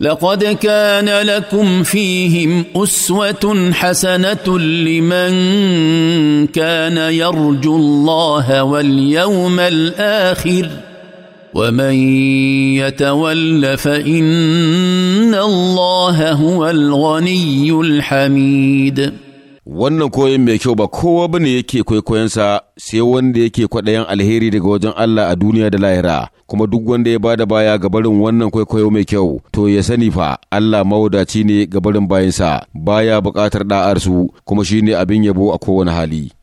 لقد كان لكم فيهم اسوه حسنه لمن كان يرجو الله واليوم الاخر ومن يتول فان الله هو الغني الحميد wannan koyon mai kyau ba kowa ba ne yake kwaikwayonsa sai wanda yake kwaɗayan alheri daga wajen Allah a duniya da lahira kuma duk wanda ya bada baya ga barin wannan kwaikwayo mai kyau to ya sani fa Allah mawadaci ne ga barin bayansa baya buƙatar da'arsu kuma shine abin yabo a kowane hali